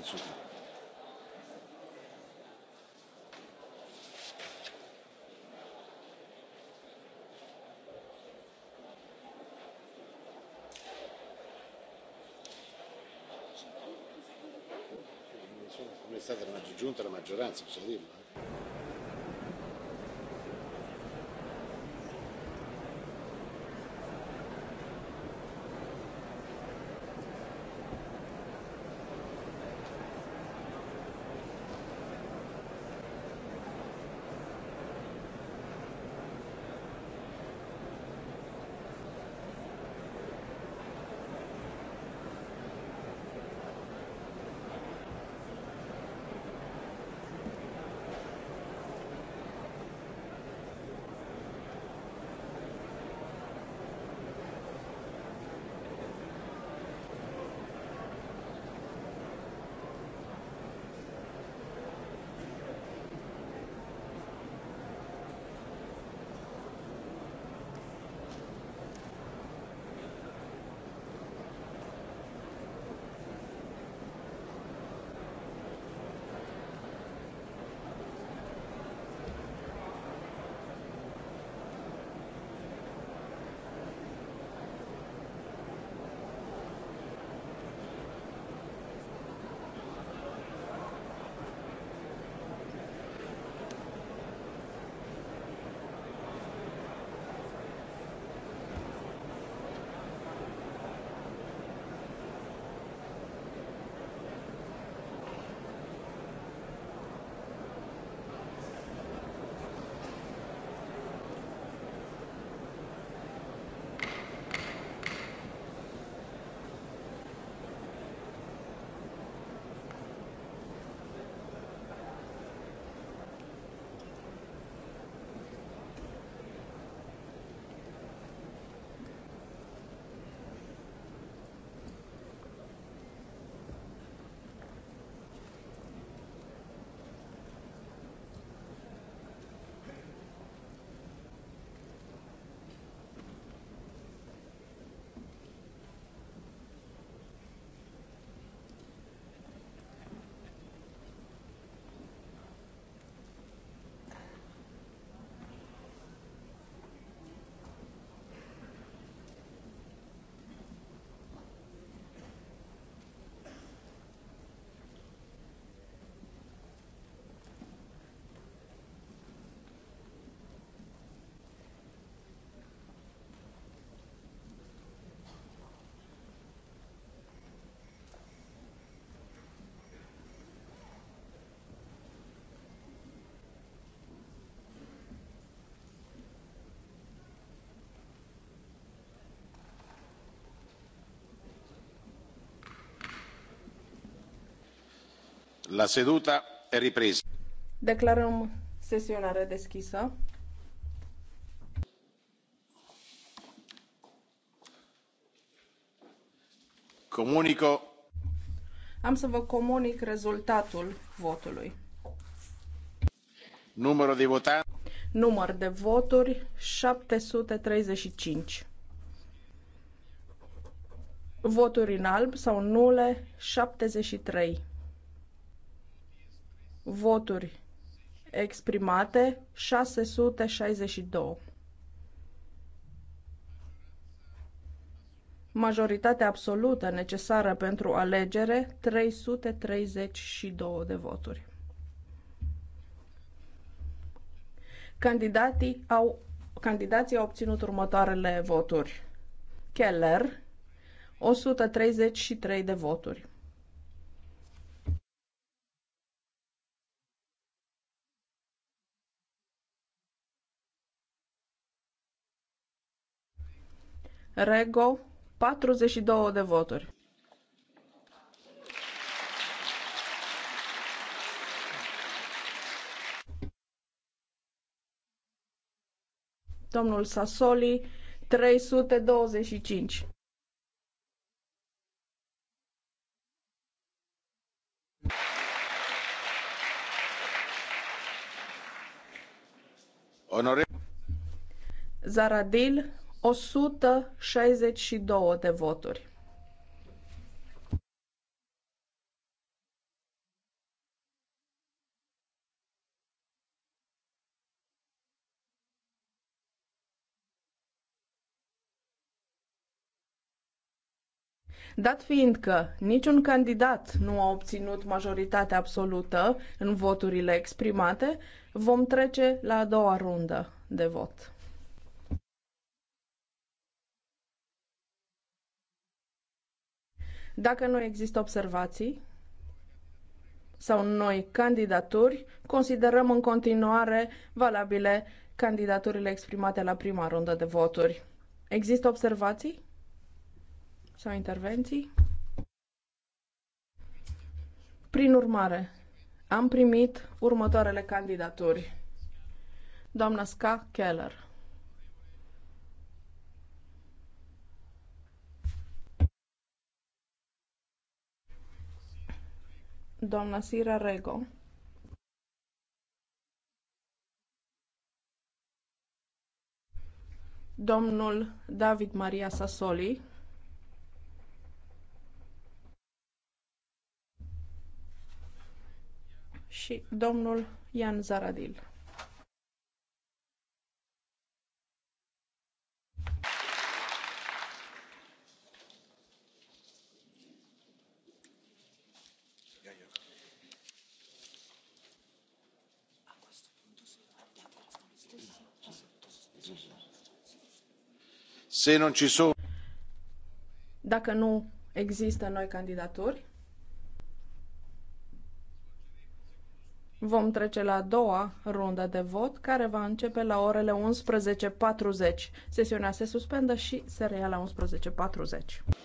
cinci come è stata la maggioranza bisogna dirlo. La seduta è ripresa. Declarăm sesiunea redeschisă. Comunico. Am să vă comunic rezultatul votului. Numărul de votanți. Număr de voturi 735. Voturi în alb sau nule 73. Voturi exprimate 662. Majoritatea absolută necesară pentru alegere 332 de voturi. Candidații au, candidații au obținut următoarele voturi. Keller 133 de voturi. Rego, 42 de voturi. Domnul Sassoli, 325. Onore... Zaradil 162 de voturi. Dat fiind că niciun candidat nu a obținut majoritatea absolută în voturile exprimate, vom trece la a doua rundă de vot. Dacă nu există observații sau noi candidaturi, considerăm în continuare valabile candidaturile exprimate la prima rundă de voturi. Există observații sau intervenții? Prin urmare, am primit următoarele candidaturi. Doamna Ska Keller. doamna Sira Rego. Domnul David Maria Sassoli. Și domnul Ian Zaradil. Dacă nu există noi candidaturi, vom trece la a doua rundă de vot, care va începe la orele 11.40. Sesiunea se suspendă și se reia la 11.40.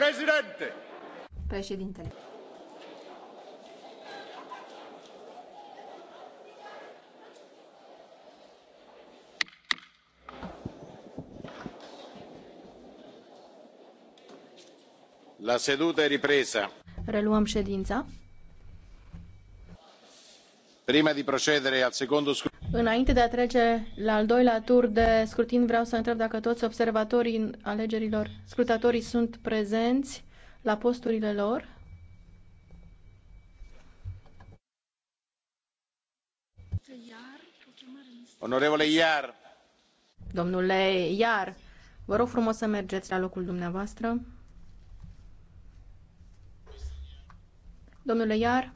președinte! Președintele. La seduta e ripresa. Reluăm ședința. Prima di procedere al secondo scrutinio. Înainte de a trece la al doilea tur de scrutin, vreau să întreb dacă toți observatorii alegerilor, scrutatorii sunt prezenți la posturile lor. Onorevole Iar. Domnule Iar, vă rog frumos să mergeți la locul dumneavoastră. Domnule Iar.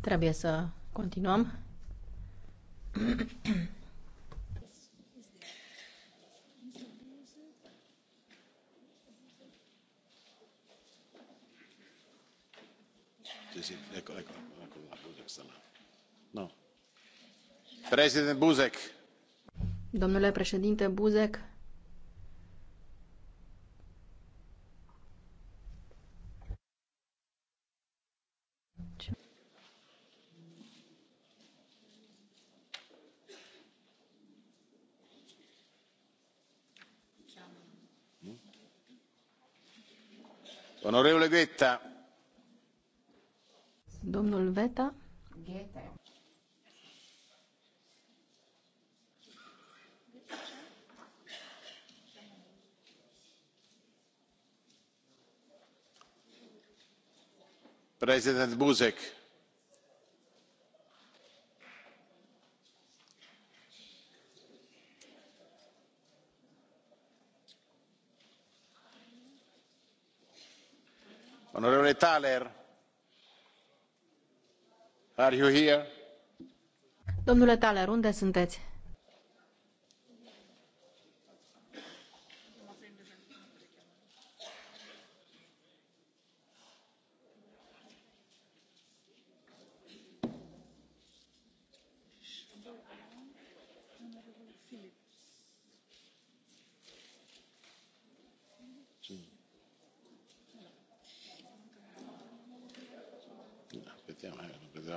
Trebuie să continuăm. President Buzek. Domnule președinte Buzek, Onorevole Veta. Domnul Veta. Ghete. President Buzek. Domnule Thaler, unde sunteți?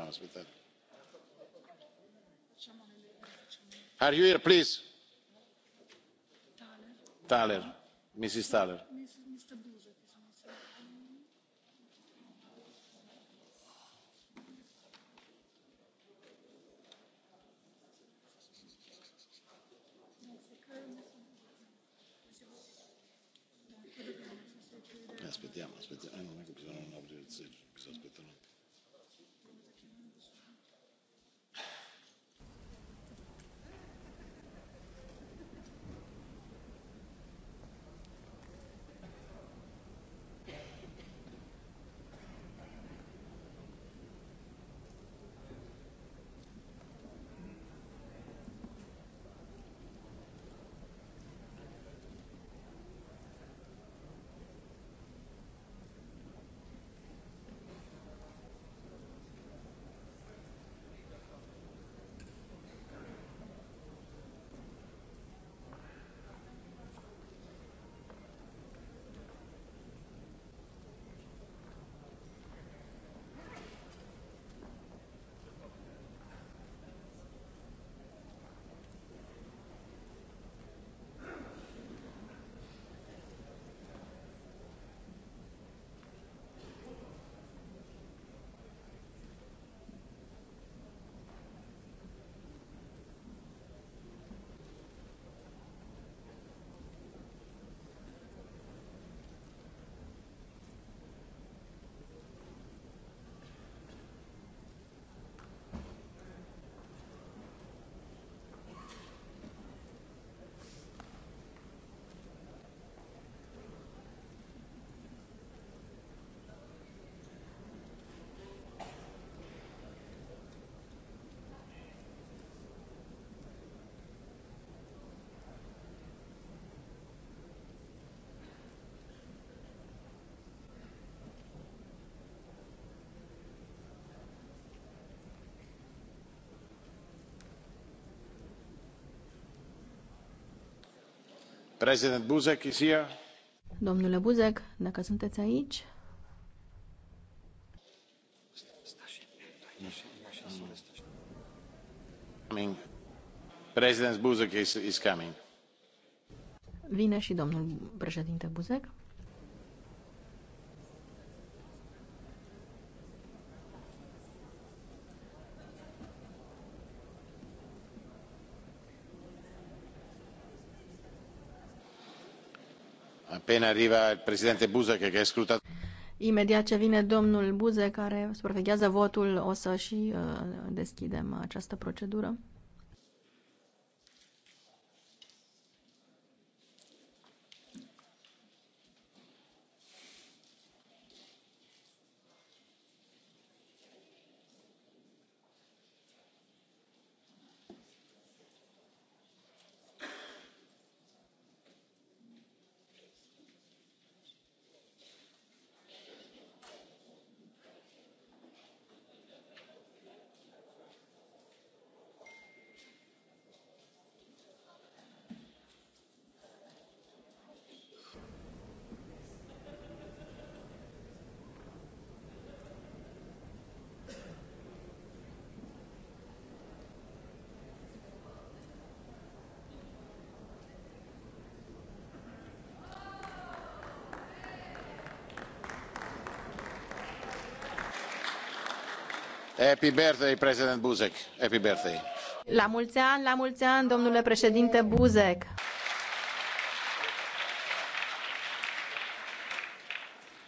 ascultat. are you here please? thaler. mrs thaler. President Buzek is here. Domnule Buzek, dacă sunteți aici. Coming. President Buzek is, is coming. Vine și domnul președinte Buzek. Imediat ce vine domnul Buzek, care supraveghează votul, o să și uh, deschidem această procedură. Happy birthday, President Buzek. Happy birthday. La mulți ani, la mulți ani, domnule președinte Buzek.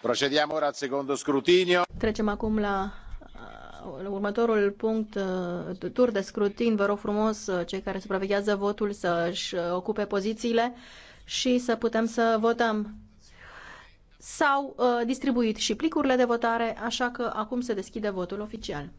Procedăm ora al secondo scrutinio. Trecem acum la uh, următorul punct, uh, tur de scrutin, vă rog frumos uh, cei care supraveghează votul să-și ocupe pozițiile și să putem să votăm. S-au distribuit și plicurile de votare, așa că acum se deschide votul oficial.